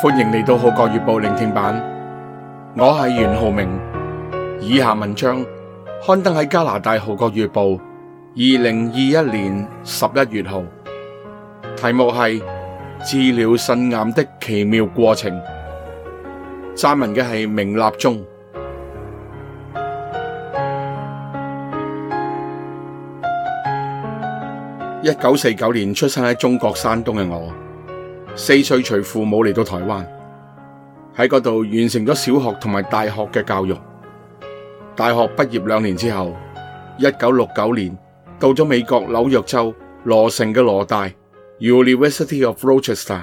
歡迎嚟到《浩國月報》聆聽版，我係袁浩明。以下文章刊登喺加拿大《浩國月報》二零二一年十一月號，題目係《治療腎癌的奇妙過程》，撰文嘅係明立中。一九四九年出生喺中國山東嘅我。四歲隨父母嚟到台灣，喺嗰度完成咗小學同埋大學嘅教育。大學畢業兩年之後，一九六九年到咗美國紐約州羅城嘅羅大 （University of Rochester）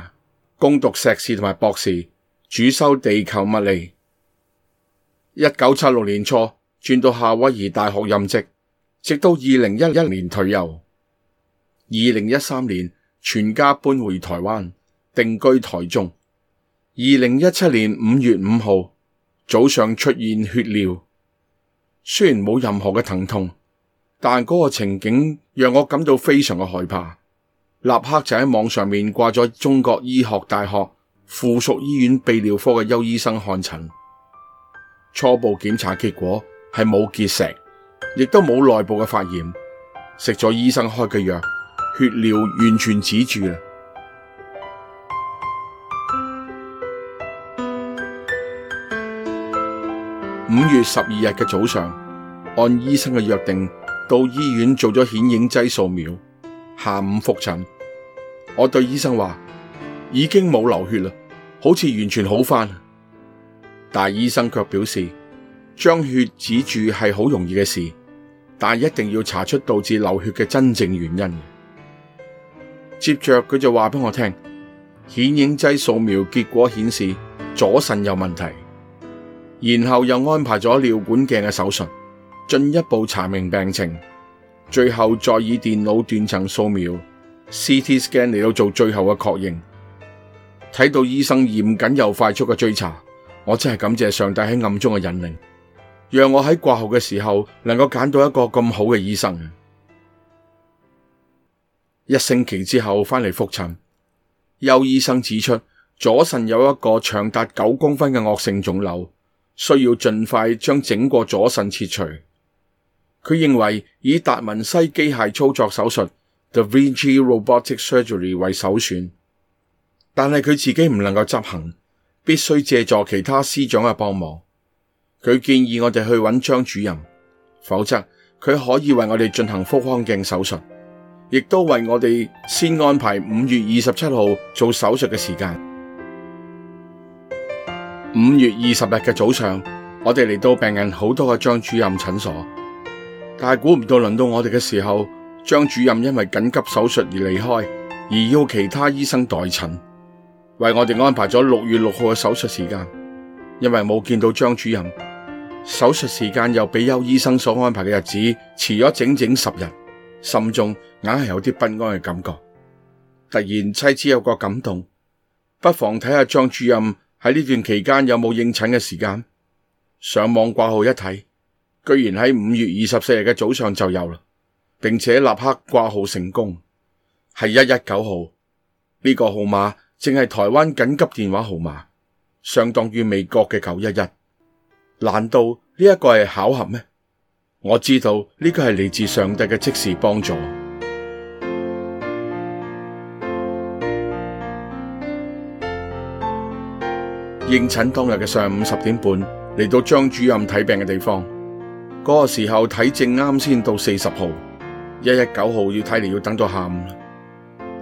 攻讀碩士同埋博士，主修地球物理。一九七六年初轉到夏威夷大學任職，直到二零一一年退休。二零一三年全家搬回台灣。定居台中，二零一七年五月五號早上出現血尿，雖然冇任何嘅疼痛，但嗰個情景讓我感到非常嘅害怕，立刻就喺網上面掛咗中國醫藥大學附屬醫院泌尿科嘅邱醫生看診。初步檢查結果係冇結石，亦都冇內部嘅發炎，食咗醫生開嘅藥，血尿完全止住了。五月十二日嘅早上，按醫生嘅約定到醫院做咗顯影劑掃描。下午複診，我對醫生話已經冇流血啦，好似完全好返。但醫生卻表示，將血止住係好容易嘅事，但一定要查出導致流血嘅真正原因。接着佢就話俾我聽，顯影劑掃描結果顯示左腎有問題。然後又安排咗尿管鏡嘅手術，進一步查明病情，最後再以電腦斷層掃描 （CT Scan） 嚟到做最後嘅確認。睇到醫生嚴謹又快速嘅追查，我真係感謝上帝喺暗中嘅引領，讓我喺掛號嘅時候能夠揀到一個咁好嘅醫生。一星期之後返嚟復診，邱醫生指出左腎有一個長達九公分嘅惡性腫瘤。需要盡快將整個左腎切除。佢認為以達文西機械操作手術 （the VG robotic surgery） 為首選，但係佢自己唔能夠執行，必須借助其他師長嘅幫忙。佢建議我哋去揾張主任，否則佢可以為我哋進行腹腔鏡手術，亦都為我哋先安排五月二十七號做手術嘅時間。五月二十日嘅早上，我哋嚟到病人好多嘅張主任診所，但是估唔到輪到我哋嘅時候，張主任因為緊急手術而離開，而要其他醫生代診，為我哋安排咗六月六號嘅手術時間。因為冇見到張主任，手術時間又比邱醫生所安排嘅日子遲咗整整十日，心中硬係有啲不安嘅感覺。突然妻子有個感動，不妨睇下張主任。喺呢段期間有冇應診嘅時間？上網掛號一睇，居然喺五月二十四日嘅早上就有啦，並且立刻掛號成功，係一一九號呢個號碼，正係台灣緊急電話號碼，相當於美國嘅九一一。難道呢一個係巧合咩？我知道呢個係嚟自上帝嘅即時幫助。應診當日嘅上午十點半嚟到張主任睇病嘅地方，嗰個時候睇症啱先到四十號，一一九號要睇嚟要等到下午了，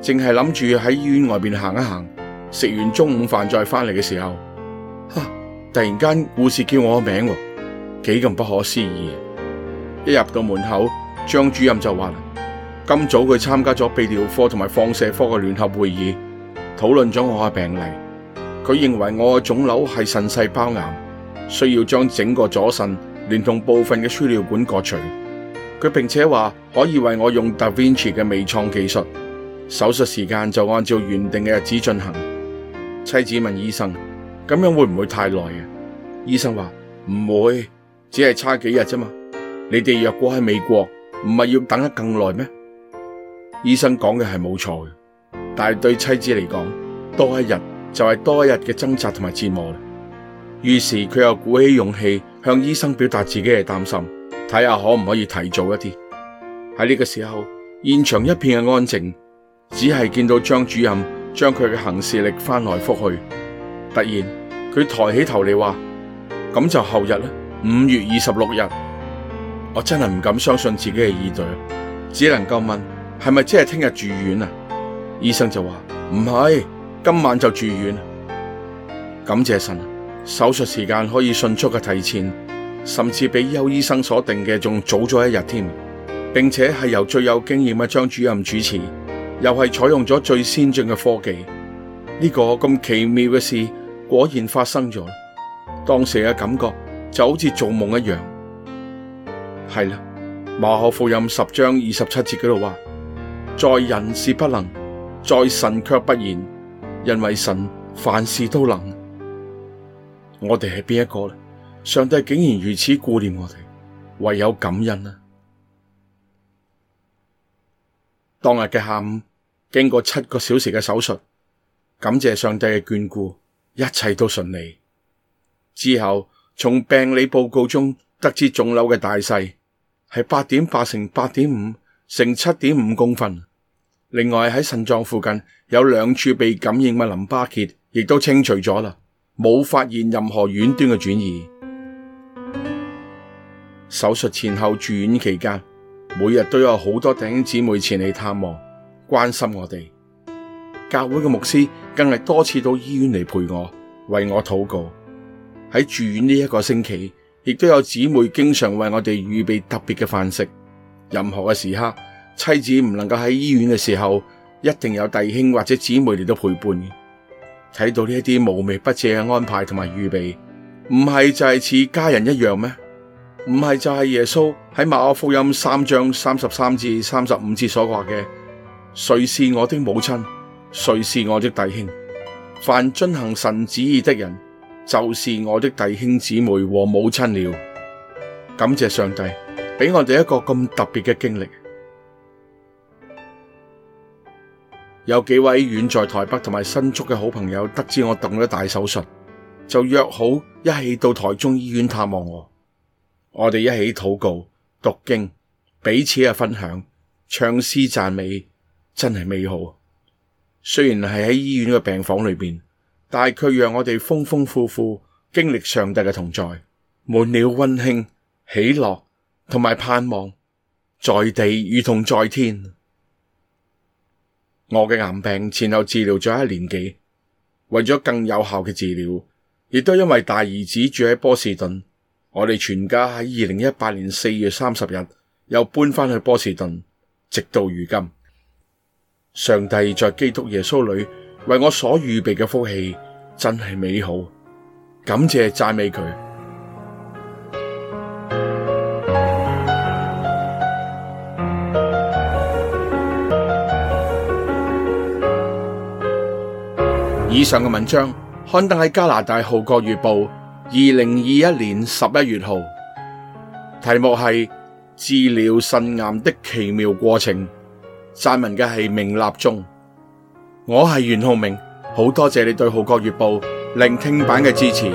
淨係諗住喺醫院外面行一行，食完中午飯再返嚟嘅時候，突然間護士叫我個名，幾咁不可思議！一入到門口，張主任就話：今早佢參加咗泌尿科同埋放射科嘅聯合會議，討論咗我嘅病例。佢認為我嘅腫瘤是腎細胞癌，需要將整個左腎連同部分嘅輸尿管割除。佢並且話可以為我用 Da Vinci 嘅微創技術，手術時間就按照原定嘅日子進行。妻子問醫生：噉樣會唔會太耐？醫生話唔會，只係差幾日啫嘛。你哋若果喺美國，唔係要等得更耐咩？醫生講嘅係冇錯嘅，但係對妻子嚟講，多一日。就係多日嘅掙扎同埋折磨，於是佢又鼓起勇氣向醫生表達自己嘅擔心，睇下可唔可以提早一啲。喺呢個時候，現場一片嘅安靜，只係見到張主任將佢嘅行事曆翻來覆去。突然，佢抬起頭嚟話，那就後日呢？五月二十六日。我真係唔敢相信自己嘅耳朵，只能夠問係咪真係聽日住院啊？醫生就話唔係。今晚就住院了，感謝神，手術時間可以迅速嘅提前，甚至比邱醫生所定嘅仲早咗一日添，並且係由最有經驗嘅張主任主持，又係採用咗最先進嘅科技，呢、這個咁奇妙嘅事果然發生咗。當時嘅感覺就好似做夢一樣。係啦，《馬可福音》十章二十七節嗰度話：在人是不能，在神卻不然。因為神凡事都能，我哋係邊一個呢？上帝竟然如此顧念我哋，唯有感恩啦、啊。當日嘅下午，經過七個小時嘅手術，感謝上帝嘅眷顧，一切都順利。之後從病理報告中得知腫瘤嘅大細係八點八乘八點五乘七點五公分，另外喺腎臟附近，有兩處被感染嘅淋巴結亦都清除咗啦，冇發現任何遠端嘅轉移。手術前後住院期間，每日都有好多弟兄姊妹前嚟探望，關心我哋。教會嘅牧師更係多次到醫院嚟陪我，為我禱告。喺住院呢一個星期，亦都有姊妹經常為我哋預備特別嘅飯食。任何嘅時刻，妻子唔能夠喺醫院嘅時候，一定有弟兄或者姊妹嚟到陪伴，睇到呢一啲無微不至嘅安排同埋預備，唔係就係似家人一樣咩？唔係就係耶穌喺馬可福音三章三十三至三十五節所話嘅：誰是我的母親，誰是我的弟兄？凡遵行神旨意的人，就是我的弟兄姊妹和母親了。感謝上帝俾我哋一個咁特別嘅經歷。有幾位遠在台北同埋新竹嘅好朋友得知我動咗大手術，就約好一起到台中醫院探望我。我哋一起禱告、讀經、彼此嘅分享、唱詩讚美，真係美好。雖然係喺醫院嘅病房裏面，但係卻讓我哋豐豐富富經歷上帝嘅同在，滿了溫馨、喜樂同埋盼望，在地如同在天。我嘅癌病前後治療咗一年幾，為咗更有效嘅治療，亦都因為大兒子住喺波士頓，我哋全家喺二零一八年四月三十日又搬返去波士頓，直到如今。上帝在基督耶穌裏為我所預備嘅福氣真係美好，感謝讚美佢。以上嘅文章刊登喺加拿大《號角月報》二零二一年十一月號，題目係治療腎癌的奇妙過程，撰文嘅係明立中。我係袁浩明，好多謝你對《號角月報》聆聽版嘅支持。